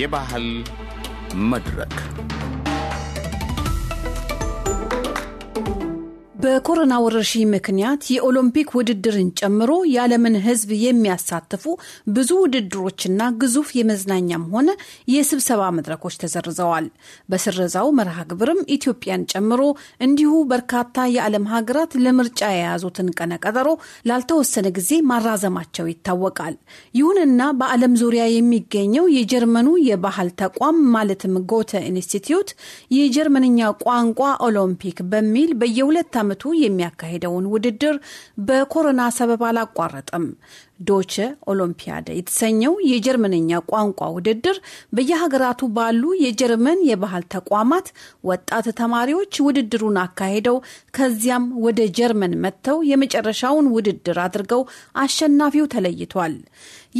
የባህል መድረክ በኮሮና ወረርሽኝ ምክንያት የኦሎምፒክ ውድድርን ጨምሮ የዓለምን ሕዝብ የሚያሳትፉ ብዙ ውድድሮችና ግዙፍ የመዝናኛም ሆነ የስብሰባ መድረኮች ተሰርዘዋል። በስረዛው መርሃ ግብርም ኢትዮጵያን ጨምሮ እንዲሁ በርካታ የዓለም ሀገራት ለምርጫ የያዙትን ቀነቀጠሮ ላልተወሰነ ጊዜ ማራዘማቸው ይታወቃል። ይሁንና በዓለም ዙሪያ የሚገኘው የጀርመኑ የባህል ተቋም ማለትም ጎተ ኢንስቲትዩት የጀርመንኛ ቋንቋ ኦሎምፒክ በሚል በየሁለት ዓመቱ በየዓመቱ የሚያካሄደውን ውድድር በኮሮና ሰበብ አላቋረጠም። ዶቼ ኦሎምፒያደ የተሰኘው የጀርመንኛ ቋንቋ ውድድር በየሀገራቱ ባሉ የጀርመን የባህል ተቋማት ወጣት ተማሪዎች ውድድሩን አካሄደው ከዚያም ወደ ጀርመን መጥተው የመጨረሻውን ውድድር አድርገው አሸናፊው ተለይቷል።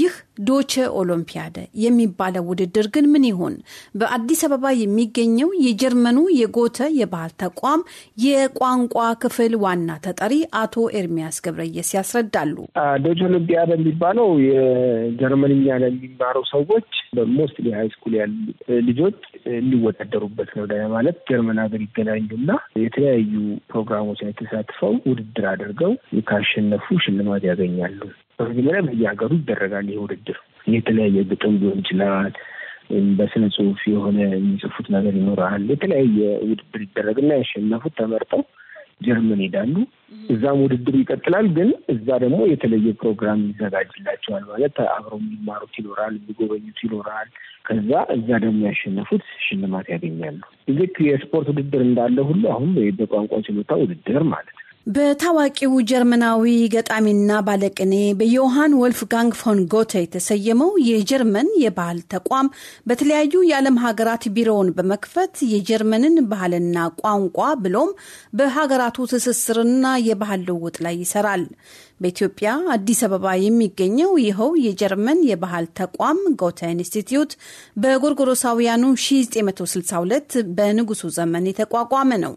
ይህ ዶቸ ኦሎምፒያደ የሚባለው ውድድር ግን ምን ይሆን? በአዲስ አበባ የሚገኘው የጀርመኑ የጎተ የባህል ተቋም የቋንቋ ክፍል ዋና ተጠሪ አቶ ኤርሚያስ ገብረየስ ያስረዳሉ። ዶቼ ኦሎምፒያደ የሚባለው የጀርመንኛ ለሚማሩ ሰዎች በሞስት ሃይስኩል ያሉ ልጆች እንዲወዳደሩበት ነው። ዳ ማለት ጀርመን ሀገር ይገናኙና የተለያዩ ፕሮግራሞች ላይ ተሳትፈው ውድድር አድርገው ካሸነፉ ሽልማት ያገኛሉ። በመጀመሪያ በየሀገሩ ይደረጋል ይህ ውድድር። የተለያየ ግጥም ሊሆን ይችላል፣ በስነ ጽሁፍ የሆነ የሚጽፉት ነገር ይኖራል። የተለያየ ውድድር ይደረግና ያሸነፉት ተመርጠው ጀርመን ሄዳሉ። እዛም ውድድሩ ይቀጥላል። ግን እዛ ደግሞ የተለየ ፕሮግራም ይዘጋጅላቸዋል። ማለት አብረው የሚማሩት ይኖራል፣ የሚጎበኙት ይኖራል። ከዛ እዛ ደግሞ ያሸነፉት ሽልማት ያገኛሉ። ልክ የስፖርት ውድድር እንዳለ ሁሉ አሁን በቋንቋ ችሎታ ውድድር ማለት ነው። በታዋቂው ጀርመናዊ ገጣሚና ባለቅኔ ወልፍ ወልፍጋንግ ፎን ጎተ የተሰየመው የጀርመን የባህል ተቋም በተለያዩ የዓለም ሀገራት ቢሮውን በመክፈት የጀርመንን ባህልና ቋንቋ ብሎም በሀገራቱ ትስስርና የባህል ልውውጥ ላይ ይሰራል። በኢትዮጵያ አዲስ አበባ የሚገኘው ይኸው የጀርመን የባህል ተቋም ጎተ ኢንስቲትዩት በጎርጎሮሳውያኑ 1962 በንጉሱ ዘመን የተቋቋመ ነው።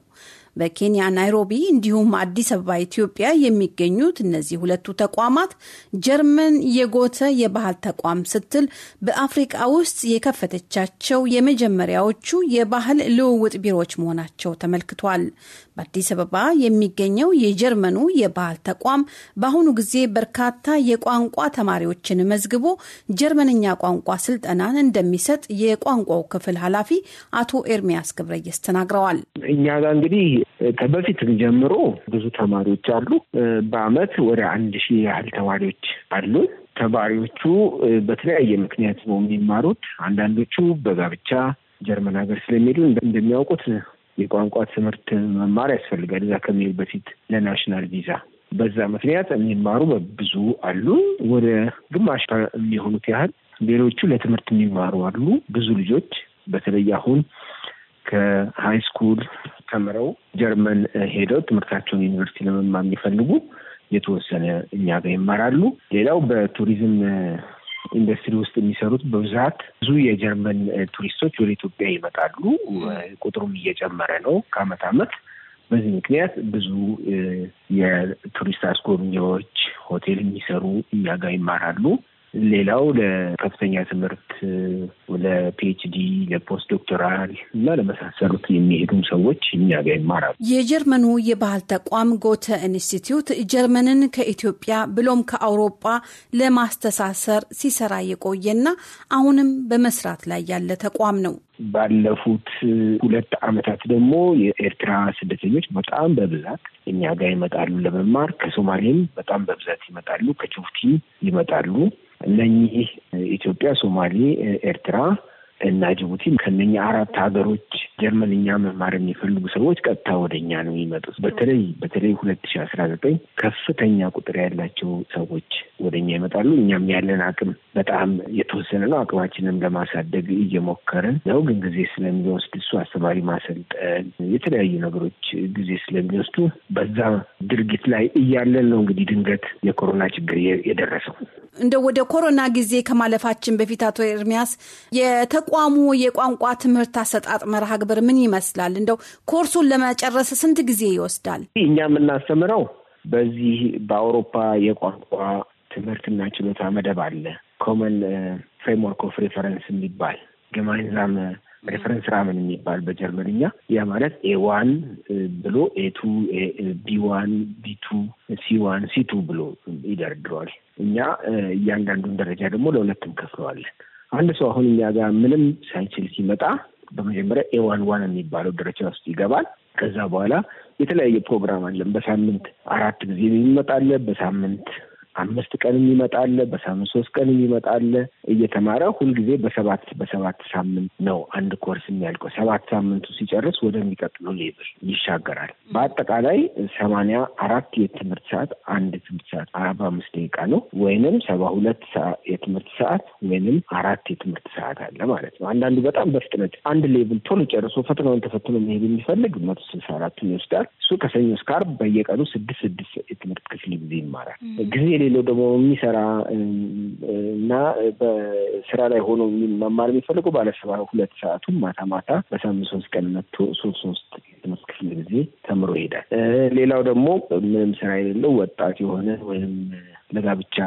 በኬንያ ናይሮቢ እንዲሁም አዲስ አበባ ኢትዮጵያ የሚገኙት እነዚህ ሁለቱ ተቋማት ጀርመን የጎተ የባህል ተቋም ስትል በአፍሪቃ ውስጥ የከፈተቻቸው የመጀመሪያዎቹ የባህል ልውውጥ ቢሮዎች መሆናቸው ተመልክቷል። በአዲስ አበባ የሚገኘው የጀርመኑ የባህል ተቋም በአሁኑ ጊዜ በርካታ የቋንቋ ተማሪዎችን መዝግቦ ጀርመንኛ ቋንቋ ስልጠናን እንደሚሰጥ የቋንቋው ክፍል ኃላፊ አቶ ኤርሚያስ ገብረየስ ተናግረዋል። እኛ ጋር እንግዲህ ከበፊት ጀምሮ ብዙ ተማሪዎች አሉ። በአመት ወደ አንድ ሺህ ያህል ተማሪዎች አሉ። ተማሪዎቹ በተለያየ ምክንያት ነው የሚማሩት። አንዳንዶቹ በጋብቻ ጀርመን ሀገር ስለሚሄዱ እንደሚያውቁት የቋንቋ ትምህርት መማር ያስፈልጋል እዛ ከሚሄዱ በፊት ለናሽናል ቪዛ በዛ ምክንያት የሚማሩ ብዙ አሉ። ወደ ግማሽ የሚሆኑት ያህል ሌሎቹ ለትምህርት የሚማሩ አሉ። ብዙ ልጆች በተለይ አሁን ከሀይ ስኩል ተምረው ጀርመን ሄደው ትምህርታቸውን ዩኒቨርሲቲ ለመማር የሚፈልጉ የተወሰነ እኛ ጋር ይማራሉ። ሌላው በቱሪዝም ኢንዱስትሪ ውስጥ የሚሰሩት በብዛት ብዙ የጀርመን ቱሪስቶች ወደ ኢትዮጵያ ይመጣሉ። ቁጥሩም እየጨመረ ነው ከአመት አመት። በዚህ ምክንያት ብዙ የቱሪስት አስጎብኚዎች፣ ሆቴል የሚሰሩ እኛ ጋር ይማራሉ። ሌላው ለከፍተኛ ትምህርት ለፒኤችዲ፣ ለፖስት ዶክተራል እና ለመሳሰሉት የሚሄዱ ሰዎች እኛ ጋር ይማራሉ። የጀርመኑ የባህል ተቋም ጎተ ኢንስቲትዩት ጀርመንን ከኢትዮጵያ ብሎም ከአውሮጳ ለማስተሳሰር ሲሰራ የቆየና አሁንም በመስራት ላይ ያለ ተቋም ነው። ባለፉት ሁለት ዓመታት ደግሞ የኤርትራ ስደተኞች በጣም በብዛት እኛ ጋር ይመጣሉ ለመማር። ከሶማሌም በጣም በብዛት ይመጣሉ፣ ከጅቡቲ ይመጣሉ። እነኚህ ኢትዮጵያ፣ ሶማሌ፣ ኤርትራ እና ጅቡቲም ከነኛ አራት ሀገሮች ጀርመንኛ መማር የሚፈልጉ ሰዎች ቀጥታ ወደ እኛ ነው የሚመጡት። በተለይ በተለይ ሁለት ሺ አስራ ዘጠኝ ከፍተኛ ቁጥር ያላቸው ሰዎች ወደ እኛ ይመጣሉ። እኛም ያለን አቅም በጣም የተወሰነ ነው። አቅማችንም ለማሳደግ እየሞከርን ነው። ግን ጊዜ ስለሚወስድ እሱ አስተማሪ ማሰልጠን፣ የተለያዩ ነገሮች ጊዜ ስለሚወስዱ በዛ ድርጊት ላይ እያለን ነው እንግዲህ ድንገት የኮሮና ችግር የደረሰው እንደ ወደ ኮሮና ጊዜ ከማለፋችን በፊት አቶ ኤርሚያስ ተቋሙ የቋንቋ ትምህርት አሰጣጥ መርሃ ግብር ምን ይመስላል? እንደው ኮርሱን ለመጨረስ ስንት ጊዜ ይወስዳል? እኛ የምናስተምረው በዚህ በአውሮፓ የቋንቋ ትምህርትና ችሎታ መደብ አለ። ኮመን ፍሬምወርክ ኦፍ ሬፈረንስ የሚባል ግማይንዛም ሬፈረንስ ራምን የሚባል በጀርመንኛ ያ ማለት ኤዋን uh, ብሎ ኤቱ ቢዋን፣ ቢቱ፣ ሲዋን፣ ሲቱ ብሎ ይደረድረዋል። እኛ uh, እያንዳንዱን ደረጃ ደግሞ ለሁለትም ከፍለዋለን። አንድ ሰው አሁን እኛ ጋር ምንም ሳይችል ሲመጣ በመጀመሪያ ኤዋን ዋን የሚባለው ደረጃ ውስጥ ይገባል። ከዛ በኋላ የተለያየ ፕሮግራም አለን። በሳምንት አራት ጊዜ የሚመጣለ በሳምንት አምስት ቀን የሚመጣለ በሳምንት ሶስት ቀን ይመጣል። እየተማረ ሁልጊዜ በሰባት በሰባት ሳምንት ነው አንድ ኮርስ የሚያልቀው። ሰባት ሳምንቱ ሲጨርስ ወደሚቀጥለው ሌብል ይሻገራል። በአጠቃላይ ሰማንያ አራት የትምህርት ሰዓት አንድ ትምህርት ሰዓት አርባ አምስት ደቂቃ ነው ወይንም ሰባ ሁለት የትምህርት ሰዓት ወይንም አራት የትምህርት ሰዓት አለ ማለት ነው። አንዳንዱ በጣም በፍጥነት አንድ ሌብል ቶሎ ጨርሶ ፈተናውን ተፈትኖ መሄድ የሚፈልግ መቶ ስልሳ አራቱን ይወስዳል። እሱ ከሰኞ እስከ ዓርብ በየቀኑ ስድስት ስድስት የትምህርት ክፍል ጊዜ ይማራል ጊዜ የሌለው ደግሞ የሚሰራ እና በስራ ላይ ሆኖ መማር የሚፈልገው ባለሰባ ሁለት ሰዓቱም ማታ ማታ በሳምንት ሶስት ቀን መጥቶ ሶስት ሶስት የትምህርት ክፍል ጊዜ ተምሮ ይሄዳል። ሌላው ደግሞ ምንም ስራ የሌለው ወጣት የሆነ ወይም ለጋብቻ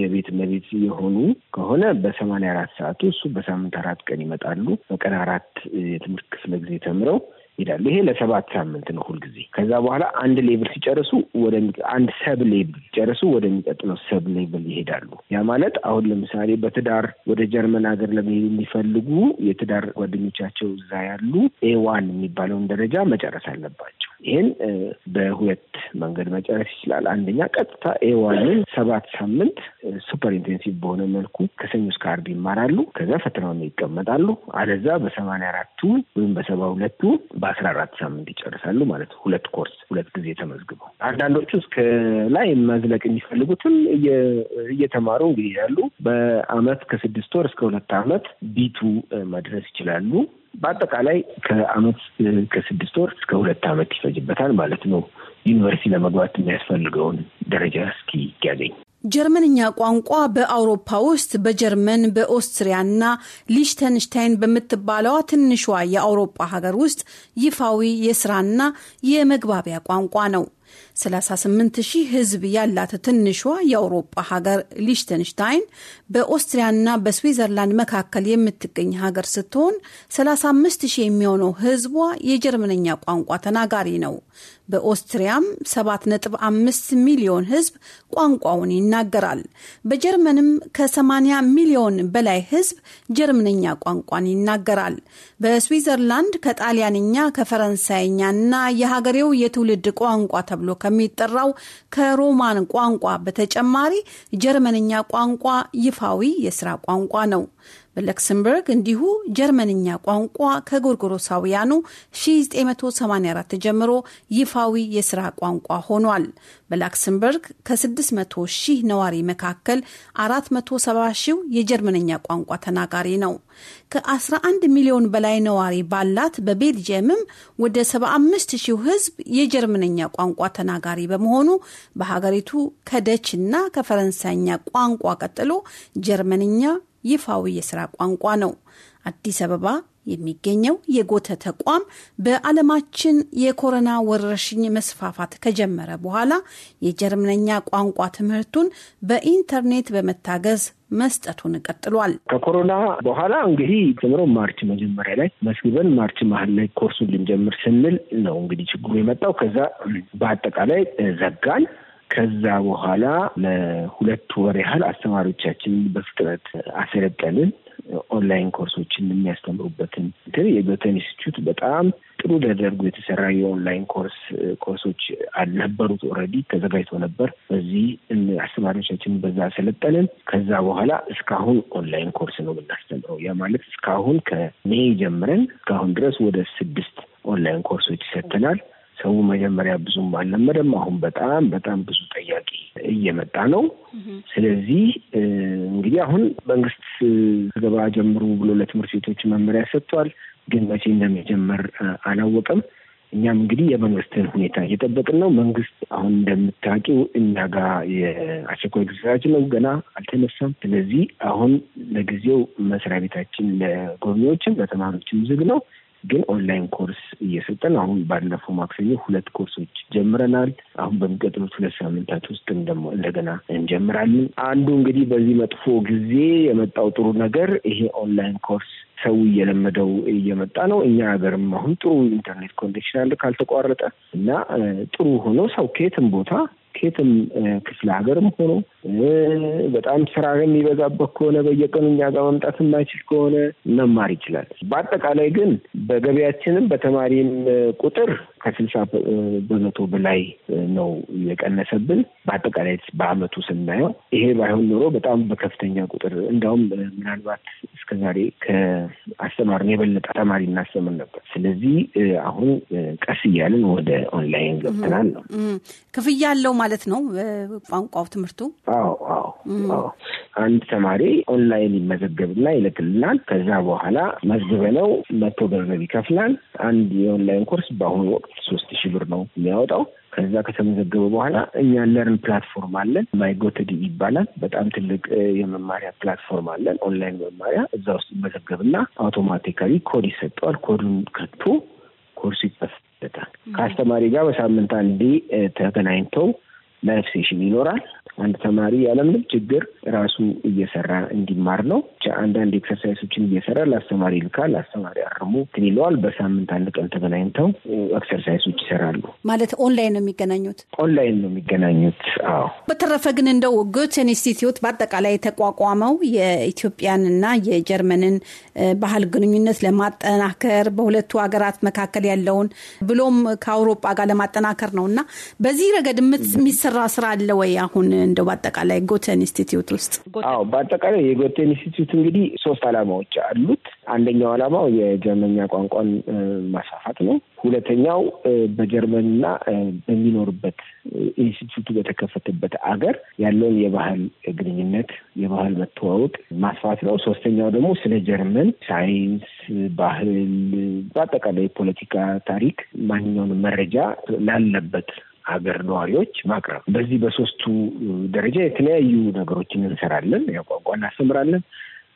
የቤት እመቤት የሆኑ ከሆነ በሰማንያ አራት ሰዓቱ እሱ በሳምንት አራት ቀን ይመጣሉ። በቀን አራት የትምህርት ክፍለ ጊዜ ተምረው ይሄዳሉ። ይሄ ለሰባት ሳምንት ነው ሁልጊዜ። ከዛ በኋላ አንድ ሌብል ሲጨርሱ ወደ አንድ ሰብ ሌብል ሲጨርሱ ወደሚቀጥለው ሰብ ሌብል ይሄዳሉ። ያ ማለት አሁን ለምሳሌ በትዳር ወደ ጀርመን ሀገር ለመሄድ የሚፈልጉ የትዳር ጓደኞቻቸው እዛ ያሉ ኤ ዋን የሚባለውን ደረጃ መጨረስ አለባቸው። ይህን በሁለት መንገድ መጨረስ ይችላል። አንደኛ ቀጥታ ኤ ዋንን ሰባት ሳምንት ሱፐር ኢንቴንሲቭ በሆነ መልኩ ከሰኞ እስከ ዓርብ ይማራሉ። ከዛ ፈተናውን ይቀመጣሉ። አለዛ በሰማንያ አራቱ ወይም በሰባ ሁለቱ በአስራ አራት ሳምንት ይጨርሳሉ ማለት ነው። ሁለት ኮርስ ሁለት ጊዜ ተመዝግበው አንዳንዶቹ እስከ ላይ መዝለቅ የሚፈልጉትም እየተማሩ እንግዲህ ያሉ በአመት ከስድስት ወር እስከ ሁለት አመት ቢቱ መድረስ ይችላሉ። በአጠቃላይ ከአመት ከስድስት ወር እስከ ሁለት አመት ይፈጅበታል ማለት ነው። ዩኒቨርሲቲ ለመግባት የሚያስፈልገውን ደረጃ እስኪ ያገኝ ጀርመንኛ ቋንቋ በአውሮፓ ውስጥ በጀርመን በኦስትሪያና ሊሽተንሽታይን በምትባለዋ ትንሿ የአውሮፓ ሀገር ውስጥ ይፋዊ የስራና የመግባቢያ ቋንቋ ነው። 38 ሺህ ሕዝብ ያላት ትንሿ የአውሮፓ ሀገር ሊሽተንሽታይን በኦስትሪያና በስዊዘርላንድ መካከል የምትገኝ ሀገር ስትሆን 35 ሺህ የሚሆነው ሕዝቧ የጀርመንኛ ቋንቋ ተናጋሪ ነው። በኦስትሪያም 7.5 ሚሊዮን ህዝብ ቋንቋውን ይናገራል። በጀርመንም ከ80 ሚሊዮን በላይ ህዝብ ጀርመንኛ ቋንቋን ይናገራል። በስዊዘርላንድ ከጣሊያንኛ ከፈረንሳይኛና የሀገሬው የትውልድ ቋንቋ ተብሎ ከሚጠራው ከሮማን ቋንቋ በተጨማሪ ጀርመንኛ ቋንቋ ይፋዊ የስራ ቋንቋ ነው። በለክሰምበርግ እንዲሁ ጀርመንኛ ቋንቋ ከጎርጎሮሳውያኑ 1984 ጀምሮ ይፋዊ የስራ ቋንቋ ሆኗል። በላክሰምበርግ ከ600 ሺህ ነዋሪ መካከል 470 ሺው የጀርመንኛ ቋንቋ ተናጋሪ ነው። ከ11 ሚሊዮን በላይ ነዋሪ ባላት በቤልጅየምም ወደ 75 ሺው ህዝብ የጀርመንኛ ቋንቋ ተናጋሪ በመሆኑ በሀገሪቱ ከደች እና ከፈረንሳይኛ ቋንቋ ቀጥሎ ጀርመንኛ ይፋዊ የስራ ቋንቋ ነው። አዲስ አበባ የሚገኘው የጎተ ተቋም በዓለማችን የኮሮና ወረርሽኝ መስፋፋት ከጀመረ በኋላ የጀርመንኛ ቋንቋ ትምህርቱን በኢንተርኔት በመታገዝ መስጠቱን ቀጥሏል። ከኮሮና በኋላ እንግዲህ ጀምሮ ማርች መጀመሪያ ላይ መስግበን ማርች መሀል ላይ ኮርሱን ልንጀምር ስንል ነው እንግዲህ ችግሩ የመጣው። ከዛ በአጠቃላይ ዘጋን። ከዛ በኋላ ለሁለት ወር ያህል አስተማሪዎቻችን በፍጥነት አሰለጠንን። ኦንላይን ኮርሶችን የሚያስተምሩበትን እንትን የጎተን ኢንስቲትዩት በጣም ጥሩ ተደርጎ የተሰራ የኦንላይን ኮርስ ኮርሶች አልነበሩት ኦልሬዲ ተዘጋጅቶ ነበር። በዚህ አስተማሪዎቻችን በዛ አሰለጠንን። ከዛ በኋላ እስካሁን ኦንላይን ኮርስ ነው የምናስተምረው። ያ ማለት እስካሁን ከሜይ ጀምረን እስካሁን ድረስ ወደ ስድስት ኦንላይን ኮርሶች ይሰጥተናል። ሰው መጀመሪያ ብዙም አልለመደም። አሁን በጣም በጣም ብዙ ጠያቂ እየመጣ ነው። ስለዚህ እንግዲህ አሁን መንግስት ከገባ ጀምሩ ብሎ ለትምህርት ቤቶች መመሪያ ሰጥቷል። ግን መቼ እንደሚጀመር አላወቀም። እኛም እንግዲህ የመንግስትን ሁኔታ እየጠበቅን ነው። መንግስት አሁን እንደምታውቂው እኛ ጋር የአስቸኳይ ጊዜያችን ነው፣ ገና አልተነሳም። ስለዚህ አሁን ለጊዜው መስሪያ ቤታችን ለጎብኚዎችም ለተማሪዎችም ዝግ ነው። ግን ኦንላይን ኮርስ እየሰጠን አሁን ባለፈው ማክሰኞ ሁለት ኮርሶች ጀምረናል። አሁን በሚቀጥሉት ሁለት ሳምንታት ውስጥ ደግሞ እንደገና እንጀምራለን። አንዱ እንግዲህ በዚህ መጥፎ ጊዜ የመጣው ጥሩ ነገር ይሄ ኦንላይን ኮርስ ሰው እየለመደው እየመጣ ነው። እኛ ሀገርም አሁን ጥሩ ኢንተርኔት ኮኔክሽን አለ ካልተቋረጠ እና ጥሩ ሆኖ ሰው ከየትም ቦታ ከየትም ክፍለ ሀገርም ሆኖ በጣም ስራ የሚበዛበት ከሆነ በየቀኑ እኛ ጋር መምጣት የማይችል ከሆነ መማር ይችላል። በአጠቃላይ ግን በገበያችንም በተማሪም ቁጥር ከስልሳ በመቶ በላይ ነው የቀነሰብን በአጠቃላይ በአመቱ ስናየው። ይሄ ባይሆን ኖሮ በጣም በከፍተኛ ቁጥር እንዲያውም ምናልባት እስከዛሬ ከአስተማርን የበለጠ ተማሪ እናስተምር ነበር። ስለዚህ አሁን ቀስ እያልን ወደ ኦንላይን ገብተናል ነው። ክፍያ አለው ማለት ነው ቋንቋው ትምህርቱ? አዎ አዎ አዎ። አንድ ተማሪ ኦንላይን ይመዘገብና ይልክልናል። ከዛ በኋላ መዝግበነው መቶ ገንዘብ ይከፍላል። አንድ የኦንላይን ኮርስ በአሁኑ ወቅት ሶስት ሺህ ብር ነው የሚያወጣው። ከዛ ከተመዘገበ በኋላ እኛ ለርን ፕላትፎርም አለን፣ ማይጎትድ ይባላል። በጣም ትልቅ የመማሪያ ፕላትፎርም አለን፣ ኦንላይን መማሪያ። እዛ ውስጥ ይመዘገብና አውቶማቲካሊ ኮድ ይሰጠዋል። ኮዱን ከቶ ኮርሱ ይጠፍበታል። ከአስተማሪ ጋር በሳምንት አንዴ ተገናኝተው ላይፍ ሴሽን ይኖራል። አንድ ተማሪ ያለምንም ችግር ራሱ እየሰራ እንዲማር ነው። አንዳንድ ኤክሰርሳይሶችን እየሰራ ለአስተማሪ ልካል። አስተማሪ አርሙ እንትን ይለዋል። በሳምንት አንድ ቀን ተገናኝተው ኤክሰርሳይሶች ይሰራሉ። ማለት ኦንላይን ነው የሚገናኙት፣ ኦንላይን ነው የሚገናኙት። አዎ። በተረፈ ግን እንደው ጎተን ኢንስቲትዩት በአጠቃላይ የተቋቋመው የኢትዮጵያንና የጀርመንን ባህል ግንኙነት ለማጠናከር በሁለቱ ሀገራት መካከል ያለውን ብሎም ከአውሮፓ ጋር ለማጠናከር ነው እና በዚህ ረገድ የሚሰራ ስራ አለ ወይ አሁን እንደው በአጠቃላይ ጎተን ኢንስቲትዩት ውስጥ? አዎ በአጠቃላይ የጎተን ኢንስቲትዩት እንግዲህ ሶስት ዓላማዎች አሉት። አንደኛው አላማው የጀርመኛ ቋንቋን ማስፋፋት ነው። ሁለተኛው በጀርመንና በሚኖርበት ኢንስቲትዩቱ በተከፈተበት አገር ያለውን የባህል ግንኙነት የባህል መተዋወቅ ማስፋት ነው። ሶስተኛው ደግሞ ስለ ጀርመን ሳይንስ፣ ባህል፣ በአጠቃላይ የፖለቲካ ታሪክ ማንኛውንም መረጃ ላለበት ሀገር ነዋሪዎች ማቅረብ። በዚህ በሶስቱ ደረጃ የተለያዩ ነገሮችን እንሰራለን። ቋንቋ እናስተምራለን።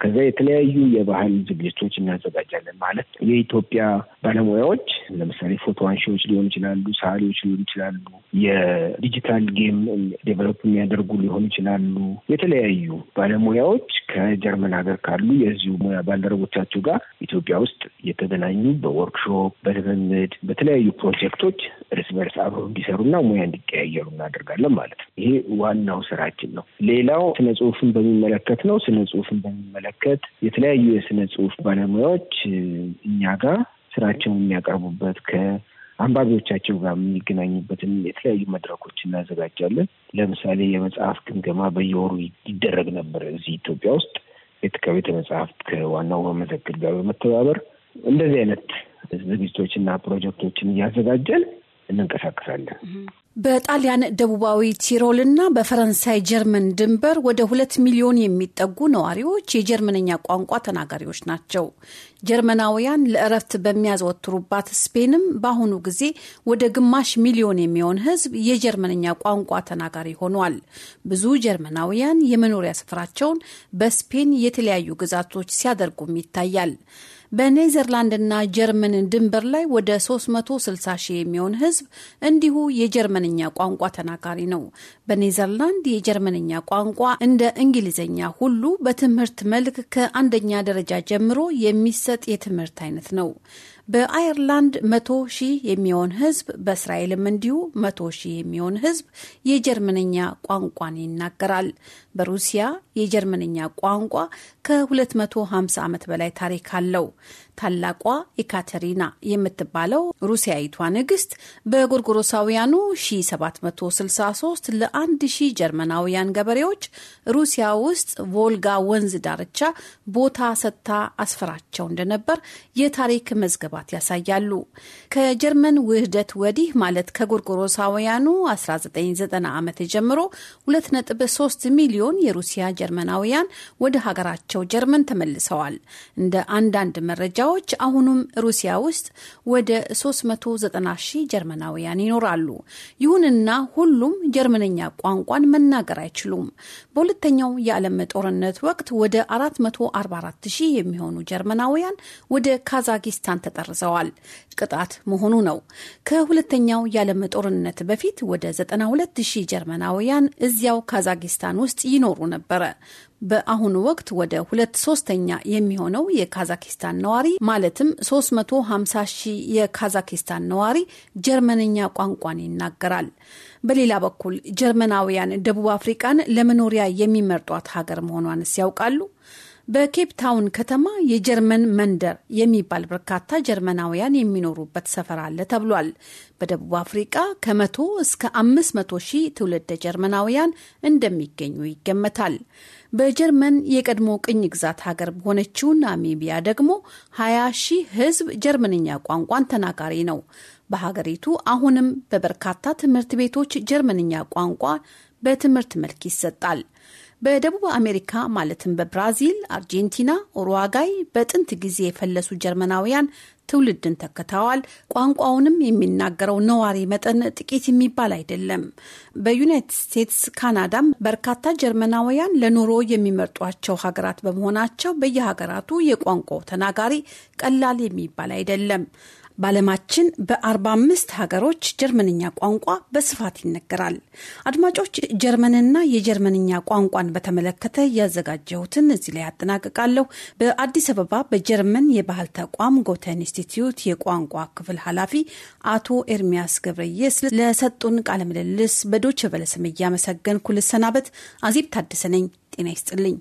ከዛ የተለያዩ የባህል ዝግጅቶች እናዘጋጃለን። ማለት የኢትዮጵያ ባለሙያዎች ለምሳሌ ፎቶ አንሺዎች ሊሆን ይችላሉ፣ ሰዓሊዎች ሊሆን ይችላሉ፣ የዲጂታል ጌም ዴቨሎፕ የሚያደርጉ ሊሆን ይችላሉ። የተለያዩ ባለሙያዎች ከጀርመን ሀገር ካሉ የዚሁ ሙያ ባልደረቦቻቸው ጋር ኢትዮጵያ ውስጥ የተገናኙ በወርክሾፕ፣ በልምምድ፣ በተለያዩ ፕሮጀክቶች እርስ በርስ አብረው እንዲሰሩና ሙያ እንዲቀያየሩ እናደርጋለን ማለት ነው። ይሄ ዋናው ስራችን ነው። ሌላው ስነ ጽሁፍን በሚመለከት ነው። ስነ ጽሁፍን በሚመለከት የተለያዩ የስነ ጽሁፍ ባለሙያዎች እኛ ጋር ስራቸውን የሚያቀርቡበት ከአንባቢዎቻቸው ጋር የሚገናኙበትን የተለያዩ መድረኮች እናዘጋጃለን። ለምሳሌ የመጽሐፍ ግምገማ በየወሩ ይደረግ ነበር እዚህ ኢትዮጵያ ውስጥ ከቤተ መጽሐፍት ከዋናው መመዘግብ ጋር በመተባበር እንደዚህ አይነት ዝግጅቶችና ፕሮጀክቶችን እያዘጋጀን እንንቀሳቀሳለን። በጣሊያን ደቡባዊ ቲሮል እና በፈረንሳይ ጀርመን ድንበር ወደ ሁለት ሚሊዮን የሚጠጉ ነዋሪዎች የጀርመንኛ ቋንቋ ተናጋሪዎች ናቸው። ጀርመናውያን ለእረፍት በሚያዘወትሩባት ስፔንም በአሁኑ ጊዜ ወደ ግማሽ ሚሊዮን የሚሆን ሕዝብ የጀርመንኛ ቋንቋ ተናጋሪ ሆኗል። ብዙ ጀርመናውያን የመኖሪያ ስፍራቸውን በስፔን የተለያዩ ግዛቶች ሲያደርጉም ይታያል። በኔዘርላንድና ጀርመን ድንበር ላይ ወደ 360 ሺህ የሚሆን ህዝብ እንዲሁ የጀርመንኛ ቋንቋ ተናጋሪ ነው። በኔዘርላንድ የጀርመንኛ ቋንቋ እንደ እንግሊዝኛ ሁሉ በትምህርት መልክ ከአንደኛ ደረጃ ጀምሮ የሚሰጥ የትምህርት አይነት ነው። በአየርላንድ መቶ ሺህ የሚሆን ህዝብ በእስራኤልም እንዲሁ መቶ ሺህ የሚሆን ህዝብ የጀርመንኛ ቋንቋን ይናገራል። በሩሲያ የጀርመንኛ ቋንቋ ከ250 ዓመት በላይ ታሪክ አለው። ታላቋ ኢካተሪና የምትባለው ሩሲያዊቷ ንግስት በጎርጎሮሳውያኑ 1763 ለ1000 ጀርመናውያን ገበሬዎች ሩሲያ ውስጥ ቮልጋ ወንዝ ዳርቻ ቦታ ሰጥታ አስፈራቸው እንደነበር የታሪክ መዝገባ ክትባት ያሳያሉ። ከጀርመን ውህደት ወዲህ ማለት ከጎርጎሮሳውያኑ 1990 ዓመት ጀምሮ 2.3 ሚሊዮን የሩሲያ ጀርመናውያን ወደ ሀገራቸው ጀርመን ተመልሰዋል። እንደ አንዳንድ መረጃዎች አሁኑም ሩሲያ ውስጥ ወደ 390 ሺህ ጀርመናውያን ይኖራሉ። ይሁንና ሁሉም ጀርመንኛ ቋንቋን መናገር አይችሉም። በሁለተኛው የዓለም ጦርነት ወቅት ወደ 444 ሺህ የሚሆኑ ጀርመናውያን ወደ ካዛኪስታን ተጠራ ሰርዘዋል። ቅጣት መሆኑ ነው። ከሁለተኛው የዓለም ጦርነት በፊት ወደ 92 ሺህ ጀርመናውያን እዚያው ካዛኪስታን ውስጥ ይኖሩ ነበረ። በአሁኑ ወቅት ወደ ሁለት ሶስተኛ የሚሆነው የካዛኪስታን ነዋሪ ማለትም 350 ሺህ የካዛኪስታን ነዋሪ ጀርመንኛ ቋንቋን ይናገራል። በሌላ በኩል ጀርመናውያን ደቡብ አፍሪቃን ለመኖሪያ የሚመርጧት ሀገር መሆኗንስ ያውቃሉ? በኬፕ ታውን ከተማ የጀርመን መንደር የሚባል በርካታ ጀርመናውያን የሚኖሩበት ሰፈር አለ ተብሏል። በደቡብ አፍሪቃ ከመቶ እስከ አምስት መቶ ሺህ ትውልደ ጀርመናውያን እንደሚገኙ ይገመታል። በጀርመን የቀድሞ ቅኝ ግዛት ሀገር በሆነችው ናሚቢያ ደግሞ 20 ሺህ ሕዝብ ጀርመንኛ ቋንቋን ተናጋሪ ነው። በሀገሪቱ አሁንም በበርካታ ትምህርት ቤቶች ጀርመንኛ ቋንቋ በትምህርት መልክ ይሰጣል። በደቡብ አሜሪካ ማለትም በብራዚል፣ አርጀንቲና፣ ኡሩዋጋይ በጥንት ጊዜ የፈለሱ ጀርመናውያን ትውልድን ተክተዋል። ቋንቋውንም የሚናገረው ነዋሪ መጠን ጥቂት የሚባል አይደለም። በዩናይትድ ስቴትስ፣ ካናዳም በርካታ ጀርመናውያን ለኑሮ የሚመርጧቸው ሀገራት በመሆናቸው በየሀገራቱ የቋንቋው ተናጋሪ ቀላል የሚባል አይደለም። በዓለማችን በ45 ሀገሮች ጀርመንኛ ቋንቋ በስፋት ይነገራል። አድማጮች፣ ጀርመንና የጀርመንኛ ቋንቋን በተመለከተ ያዘጋጀሁትን እዚህ ላይ አጠናቅቃለሁ። በአዲስ አበባ በጀርመን የባህል ተቋም ጎተን ኢንስቲትዩት የቋንቋ ክፍል ኃላፊ አቶ ኤርሚያስ ገብረየስ ለሰጡን ቃለ ምልልስ በዶች በለስም እያመሰገንኩ ልሰናበት። አዜብ ታደሰ ነኝ። ጤና ይስጥልኝ።